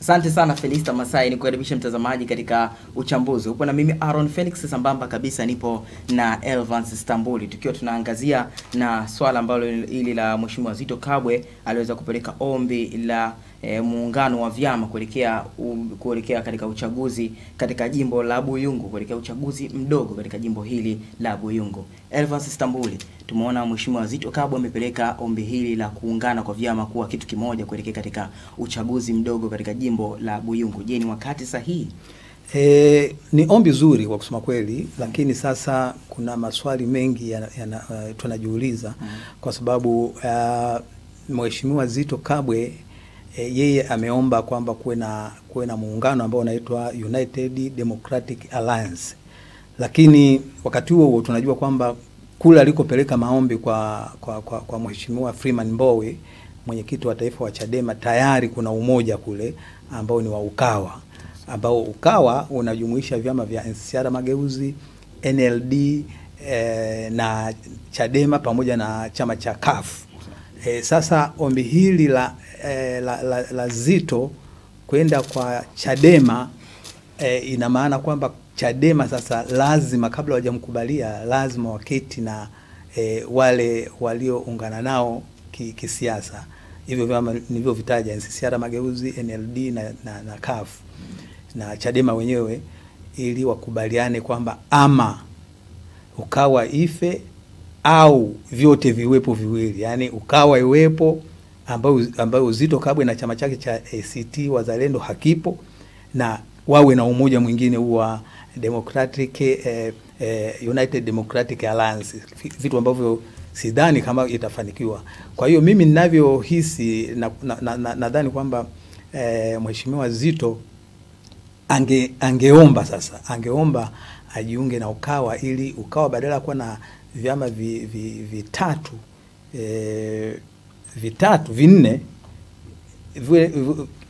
Asante sana Felista Masai, nikukaribisha mtazamaji katika uchambuzi. Upo na mimi Aaron Felix, sambamba kabisa nipo na Elvans Stambuli, tukiwa tunaangazia na swala ambalo hili la Mheshimiwa Zito Kabwe aliweza kupeleka ombi la e, muungano wa vyama kuelekea kuelekea katika uchaguzi katika jimbo la Buyungu, kuelekea uchaguzi mdogo katika jimbo hili la Buyungu. Elvans Stambuli, tumeona Mheshimiwa Zito Kabwe amepeleka ombi hili la kuungana kwa vyama kuwa kitu kimoja kuelekea katika uchaguzi mdogo katika jimbo jimbo la Buyungu. Je, ni wakati sahihi? E, ni ombi zuri kwa kusema kweli, lakini sasa kuna maswali mengi ya, ya, ya, tunajiuliza mm. kwa sababu uh, Mheshimiwa Zito Kabwe e, yeye ameomba kwamba kuwe na kuwe na muungano ambao unaitwa United Democratic Alliance, lakini wakati huo huo tunajua kwamba kule alikopeleka maombi kwa, kwa, kwa, kwa Mheshimiwa Freeman Mbowe mwenyekiti wa taifa wa Chadema tayari kuna umoja kule ambao ni wa Ukawa, ambao Ukawa unajumuisha vyama vya NCCR Mageuzi, NLD e, eh, na Chadema pamoja na chama cha CUF. E, sasa ombi hili la, e, la, la, la Zito kwenda kwa Chadema e, ina maana kwamba Chadema sasa lazima kabla hawajamkubalia lazima waketi na e, wale walioungana nao kisiasa hivyo vyama nilivyovitaja NCCR Mageuzi, NLD na, na, na CUF na Chadema wenyewe ili wakubaliane kwamba ama Ukawa ife au vyote viwepo viwili, yaani Ukawa iwepo ambayo ambayo Uzito Kabwe na chama chake cha ACT Wazalendo hakipo na wawe na umoja mwingine huwa Democratic eh, eh, United Democratic Alliance, vitu ambavyo sidhani kama itafanikiwa. Kwa hiyo mimi ninavyohisi nadhani na, na, na, na kwamba e, Mheshimiwa Zito ange, angeomba sasa, angeomba ajiunge na Ukawa ili Ukawa badala ya kuwa na vyama vi, vi, vitatu e, vitatu vinne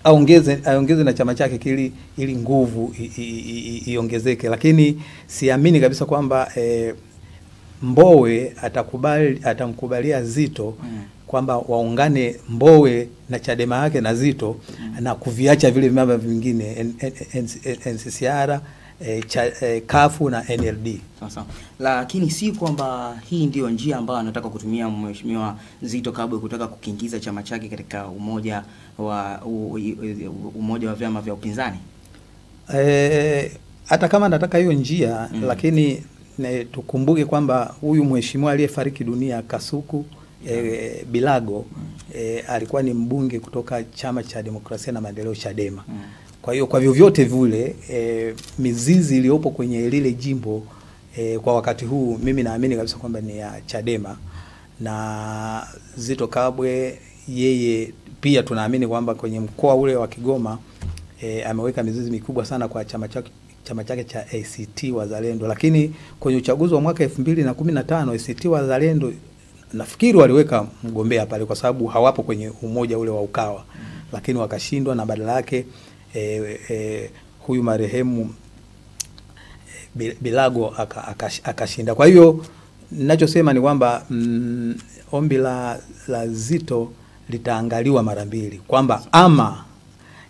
aongeze aongeze na chama chake kili ili nguvu iongezeke, lakini siamini kabisa kwamba eh, Mbowe atakubali, atamkubalia Zito mm. kwamba waungane Mbowe na Chadema yake na Zito mm. na kuviacha vile vyama vingine NCCR E, eh, cha, e, eh, kafu na NLD. Sasa. Lakini si kwamba hii ndio njia ambayo anataka kutumia Mheshimiwa Zito Kabwe kutaka kukiingiza chama chake katika umoja wa umoja wa vyama vya upinzani e, hata kama anataka hiyo njia mm. lakini ne, tukumbuke kwamba huyu mheshimiwa aliyefariki dunia Kasuku e, e, Bilago e, alikuwa ni mbunge kutoka chama cha demokrasia na maendeleo Chadema. Mm. Kwa hiyo kwa vyovyote vile e, mizizi iliyopo kwenye lile jimbo e, kwa wakati huu mimi naamini kabisa kwamba ni ya Chadema na Zito Kabwe yeye pia tunaamini kwamba kwenye mkoa ule wa Kigoma e, ameweka mizizi mikubwa sana kwa chama chake chama chake cha ACT Wazalendo, lakini kwenye uchaguzi wa mwaka 2015 ACT Wazalendo nafikiri waliweka mgombea pale kwa sababu hawapo kwenye umoja ule wa Ukawa, lakini wakashindwa, na badala yake e, e, huyu marehemu eh, Bilago akashinda. Kwa hiyo ninachosema ni kwamba mm, ombi la, la Zito litaangaliwa mara mbili kwamba ama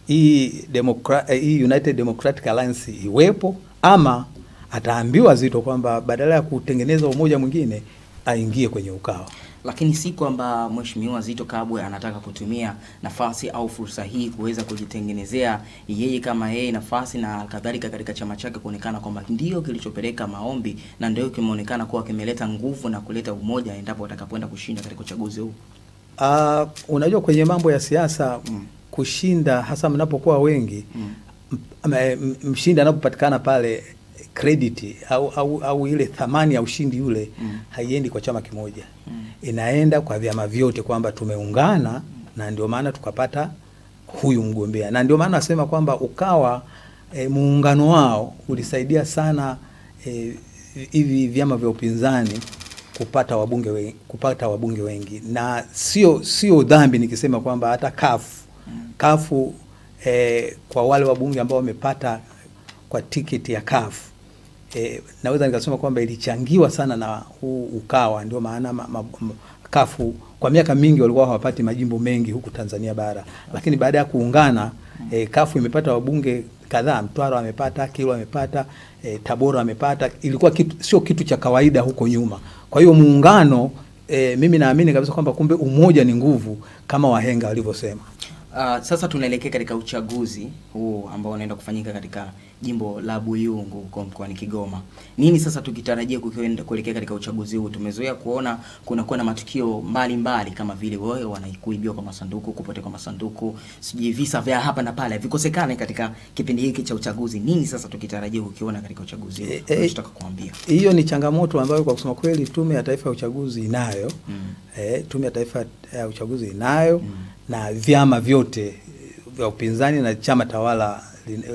hii, demokra, eh, hii United Democratic Alliance iwepo ama ataambiwa Zito kwamba badala ya kutengeneza umoja mwingine aingie kwenye Ukawa. Lakini si kwamba Mheshimiwa Zito Kabwe anataka kutumia nafasi au fursa hii kuweza kujitengenezea yeye kama yeye nafasi na kadhalika katika chama chake, kuonekana kwamba ndio kilichopeleka maombi na ndio kimeonekana kuwa kimeleta nguvu na kuleta umoja endapo atakapoenda kushinda katika uchaguzi huu. Uh, unajua kwenye mambo ya siasa mm kushinda hasa mnapokuwa wengi mm. mshindi anapopatikana pale credit au, au, au ile thamani ya ushindi yule mm. haiendi kwa chama kimoja mm. inaenda kwa vyama vyote kwamba tumeungana mm. na ndio maana tukapata huyu mgombea na ndio maana nasema kwamba ukawa e, muungano wao ulisaidia sana eh, hivi e, vyama vya upinzani kupata wabunge wengi, kupata wabunge wengi na sio sio dhambi nikisema kwamba hata kafu kafu eh, kwa wale wabunge ambao wamepata kwa tiketi ya kafu eh, naweza nikasema kwamba ilichangiwa sana na huu Ukawa, ndio maana ma, ma, ma, kafu kwa miaka mingi walikuwa hawapati majimbo mengi huku Tanzania bara, lakini baada ya kuungana eh, kafu imepata wabunge kadhaa. Mtwara amepata, Kilwa amepata, e, Tabora amepata. Ilikuwa kitu, sio kitu cha kawaida huko nyuma. Kwa hiyo muungano, e, mimi naamini kabisa kwamba kumbe umoja ni nguvu kama wahenga walivyosema. Uh, sasa tunaelekea katika uchaguzi huu ambao unaenda kufanyika katika jimbo la Buyungu huko mkoani Kigoma. Nini sasa tukitarajia kuelekea katika uchaguzi huu? Tumezoea kuona kunakuwa na matukio mbalimbali mbali, kama vile wewe wanaikuibiwa kwa masanduku, kupotea kwa masanduku, sijui visa vya hapa na pale vikosekane katika kipindi hiki cha uchaguzi. Nini sasa tukitarajia kukiona katika uchaguzi huu? E, e, kuambia hiyo ni changamoto ambayo kwa kusema kweli Tume ya Taifa ya Uchaguzi inayo mm. E, Tume ya Taifa ya Uchaguzi inayo mm na vyama vyote vya upinzani na chama tawala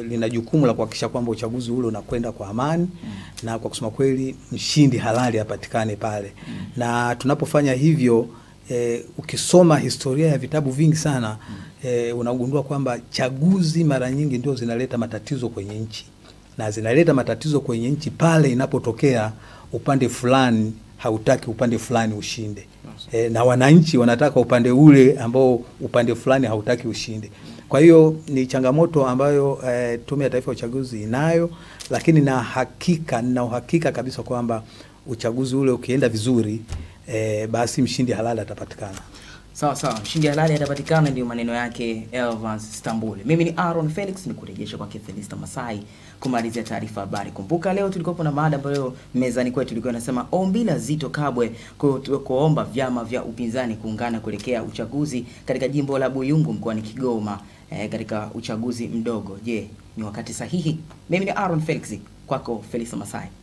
lina jukumu la kuhakikisha kwamba uchaguzi ule unakwenda kwa amani mm. na kwa kusema kweli mshindi halali apatikane pale mm. na tunapofanya hivyo e, ukisoma historia ya vitabu vingi sana mm. e, unagundua kwamba chaguzi mara nyingi ndio zinaleta matatizo kwenye nchi na zinaleta matatizo kwenye nchi pale inapotokea upande fulani hautaki upande fulani ushinde e, na wananchi wanataka upande ule ambao upande fulani hautaki ushinde. Kwa hiyo ni changamoto ambayo e, Tume ya Taifa ya Uchaguzi inayo, lakini na hakika na uhakika kabisa kwamba uchaguzi ule ukienda vizuri e, basi mshindi halali atapatikana. Sawa sawa, mshindi halali atapatikana, ndio maneno yake Elvas Stambul. Mimi ni Aaron Felix, ni kurejesha kwake Felista Masai kumalizia taarifa habari. Kumbuka leo tulikuwa na mada ambayo mezani kwetu tulikuwa nasema ombi la Zito Kabwe kuomba vyama vya upinzani kuungana kuelekea uchaguzi katika jimbo la Buyungu mkoani Kigoma eh, katika uchaguzi mdogo. Je, ni wakati sahihi? Mimi ni Aaron Felix, kwako Felista Masai.